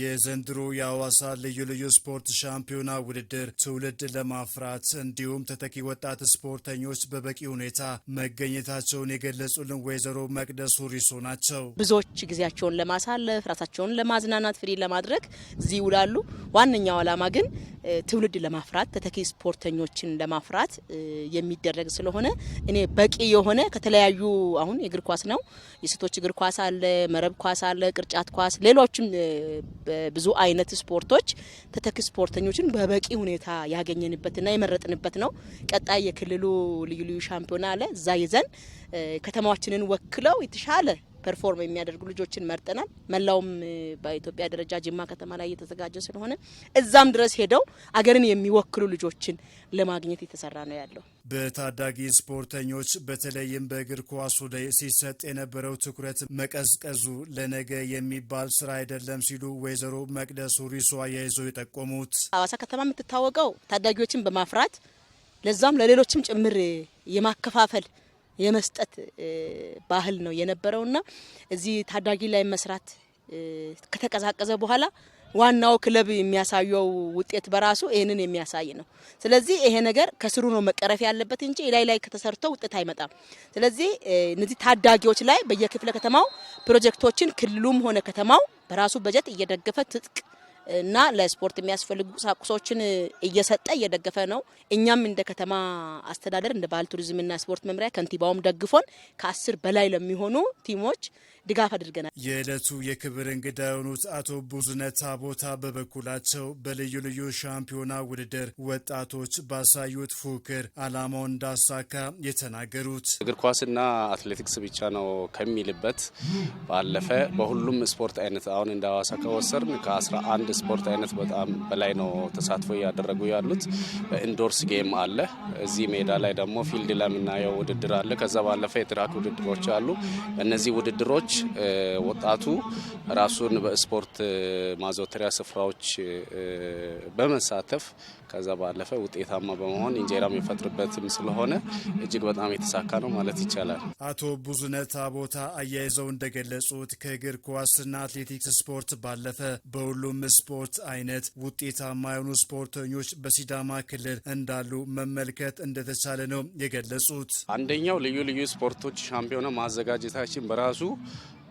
የዘንድሮ የአዋሳ ልዩ ልዩ ስፖርት ሻምፒዮና ውድድር ትውልድ ለማፍራት እንዲሁም ተተኪ ወጣት ስፖርተኞች በበቂ ሁኔታ መገኘታቸውን የገለጹልን ወይዘሮ መቅደስ ሁሪሶ ናቸው። ብዙዎች ጊዜያቸውን ለማሳለፍ ራሳቸውን ለማዝናናት ፍሪ ለማድረግ እዚህ ይውላሉ። ዋነኛው ዓላማ ግን ትውልድ ለማፍራት ተተኪ ስፖርተኞችን ለማፍራት የሚደረግ ስለሆነ እኔ በቂ የሆነ ከተለያዩ አሁን የእግር ኳስ ነው፣ የሴቶች እግር ኳስ አለ፣ መረብ ኳስ አለ፣ ቅርጫት ኳስ፣ ሌሎችም ብዙ አይነት ስፖርቶች ተተኪ ስፖርተኞችን በበቂ ሁኔታ ያገኘንበትና የመረጥንበት ነው። ቀጣይ የክልሉ ልዩ ልዩ ሻምፒዮና አለ። እዛ ይዘን ከተማችንን ወክለው የተሻለ ፐርፎርም የሚያደርጉ ልጆችን መርጠናል። መላውም በኢትዮጵያ ደረጃ ጅማ ከተማ ላይ እየተዘጋጀ ስለሆነ እዛም ድረስ ሄደው አገርን የሚወክሉ ልጆችን ለማግኘት የተሰራ ነው ያለው። በታዳጊ ስፖርተኞች በተለይም በእግር ኳሱ ላይ ሲሰጥ የነበረው ትኩረት መቀዝቀዙ ለነገ የሚባል ስራ አይደለም ሲሉ ወይዘሮ መቅደሱ ሪሶ አያይዘው የጠቆሙት ሀዋሳ ከተማ የምትታወቀው ታዳጊዎችን በማፍራት ለዛም ለሌሎችም ጭምር የማከፋፈል የመስጠት ባህል ነው የነበረውና እዚህ ታዳጊ ላይ መስራት ከተቀዛቀዘ በኋላ ዋናው ክለብ የሚያሳየው ውጤት በራሱ ይህንን የሚያሳይ ነው። ስለዚህ ይሄ ነገር ከስሩ ነው መቀረፍ ያለበት እንጂ ላይ ላይ ከተሰርቶ ውጤት አይመጣም። ስለዚህ እነዚህ ታዳጊዎች ላይ በየክፍለ ከተማው ፕሮጀክቶችን ክልሉም ሆነ ከተማው በራሱ በጀት እየደገፈ ትጥቅ እና ለስፖርት የሚያስፈልጉ ቁሳቁሶችን እየሰጠ እየደገፈ ነው። እኛም እንደ ከተማ አስተዳደር እንደ ባህል ቱሪዝምና ስፖርት መምሪያ ከንቲባውም ደግፎን ከአስር በላይ ለሚሆኑ ቲሞች ድጋፍ አድርገናል። የዕለቱ የክብር እንግዳ የሆኑት አቶ ብዙነት ታቦታ በበኩላቸው በልዩ ልዩ ሻምፒዮና ውድድር ወጣቶች ባሳዩት ፉክር አላማውን እንዳሳካ የተናገሩት እግር ኳስና አትሌቲክስ ብቻ ነው ከሚልበት ባለፈ በሁሉም ስፖርት አይነት አሁን እንደ ሀዋሳ ከወሰድን ከ11 ስፖርት አይነት በጣም በላይ ነው ተሳትፎ እያደረጉ ያሉት። ኢንዶርስ ጌም አለ። እዚህ ሜዳ ላይ ደግሞ ፊልድ ለምናየው ውድድር አለ። ከዛ ባለፈ የትራክ ውድድሮች አሉ። እነዚህ ውድድሮች ወጣቱ ራሱን በስፖርት ማዘውተሪያ ስፍራዎች በመሳተፍ ከዛ ባለፈ ውጤታማ በመሆን እንጀራ የሚፈጥርበትም ስለሆነ እጅግ በጣም የተሳካ ነው ማለት ይቻላል። አቶ ብዙነት ቦታ አያይዘው እንደገለጹት ከእግር ኳስና አትሌቲክስ ስፖርት ባለፈ በሁሉም ስፖርት አይነት ውጤታማ የሆኑ ስፖርተኞች በሲዳማ ክልል እንዳሉ መመልከት እንደተቻለ ነው የገለጹት። አንደኛው ልዩ ልዩ ስፖርቶች ሻምፒዮና ማዘጋጀታችን በራሱ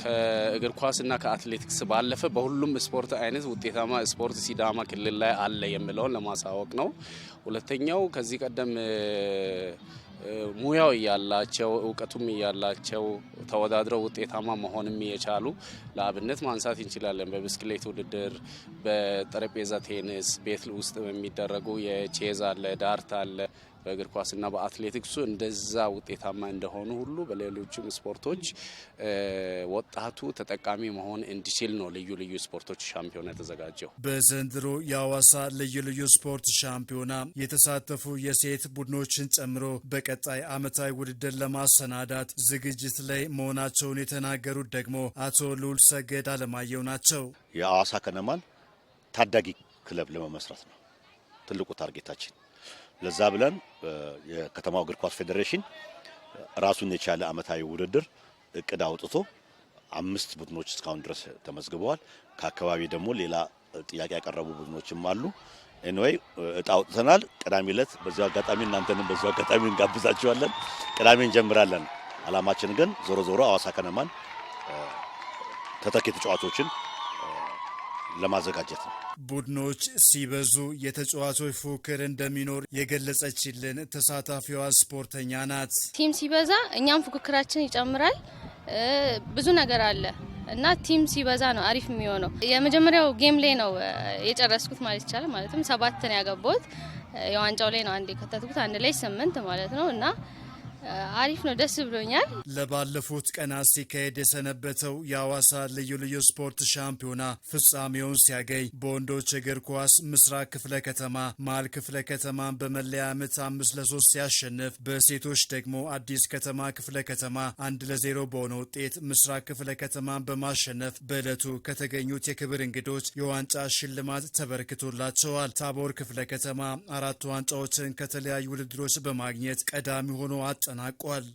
ከእግር ኳስና ከአትሌቲክስ ባለፈ በሁሉም ስፖርት አይነት ውጤታማ ስፖርት ሲዳማ ክልል ላይ አለ የሚለውን ለማሳወቅ ነው። ሁለተኛው ከዚህ ቀደም ሙያው እያላቸው እውቀቱም እያላቸው ተወዳድረው ውጤታማ መሆንም የቻሉ ለአብነት ማንሳት እንችላለን። በብስክሌት ውድድር፣ በጠረጴዛ ቴኒስ፣ ቤት ውስጥ በሚደረጉ የቼዝ አለ፣ ዳርት አለ በእግር ኳስና በአትሌቲክሱ እንደዛ ውጤታማ እንደሆኑ ሁሉ በሌሎችም ስፖርቶች ወጣቱ ተጠቃሚ መሆን እንዲችል ነው ልዩ ልዩ ስፖርቶች ሻምፒዮና የተዘጋጀው። በዘንድሮ የአዋሳ ልዩ ልዩ ስፖርት ሻምፒዮና የተሳተፉ የሴት ቡድኖችን ጨምሮ በቀጣይ ዓመታዊ ውድድር ለማሰናዳት ዝግጅት ላይ መሆናቸውን የተናገሩት ደግሞ አቶ ሉል ሰገድ አለማየሁ ናቸው። የአዋሳ ከነማን ታዳጊ ክለብ ለመመስረት ነው ትልቁ ታርጌታችን። ለዛ ብለን የከተማው እግር ኳስ ፌዴሬሽን ራሱን የቻለ አመታዊ ውድድር እቅድ አውጥቶ አምስት ቡድኖች እስካሁን ድረስ ተመዝግበዋል። ከአካባቢ ደግሞ ሌላ ጥያቄ ያቀረቡ ቡድኖችም አሉ። ኤንወይ እጣ አውጥተናል። ቅዳሜ ዕለት በዚሁ አጋጣሚ እናንተንም በዚሁ አጋጣሚ እንጋብዛችኋለን። ቅዳሜ እንጀምራለን። አላማችን ግን ዞሮ ዞሮ አዋሳ ከነማን ተተኪ ተጫዋቾችን ለማዘጋጀት ነው። ቡድኖች ሲበዙ የተጫዋቾች ፉክክር እንደሚኖር የገለጸችልን ተሳታፊዋ ስፖርተኛ ናት። ቲም ሲበዛ እኛም ፉክክራችን ይጨምራል። ብዙ ነገር አለ እና ቲም ሲበዛ ነው አሪፍ የሚሆነው። የመጀመሪያው ጌም ላይ ነው የጨረስኩት ማለት ይቻላል። ማለትም ሰባት ነው ያገባሁት። የዋንጫው ላይ ነው አንድ የከተትኩት፣ አንድ ላይ ስምንት ማለት ነው እና አሪፍ ነው። ደስ ብሎኛል። ለባለፉት ቀናት ሲካሄድ የሰነበተው የአዋሳ ልዩ ልዩ ስፖርት ሻምፒዮና ፍጻሜውን ሲያገኝ በወንዶች እግር ኳስ ምስራቅ ክፍለ ከተማ መሀል ክፍለ ከተማን በመለያ ምት አምስት ለሶስት ሲያሸንፍ በሴቶች ደግሞ አዲስ ከተማ ክፍለ ከተማ አንድ ለዜሮ በሆነ ውጤት ምስራቅ ክፍለ ከተማን በማሸነፍ በዕለቱ ከተገኙት የክብር እንግዶች የዋንጫ ሽልማት ተበርክቶላቸዋል። ታቦር ክፍለ ከተማ አራት ዋንጫዎችን ከተለያዩ ውድድሮች በማግኘት ቀዳሚ ሆኖ አጠ ተጠናቋል።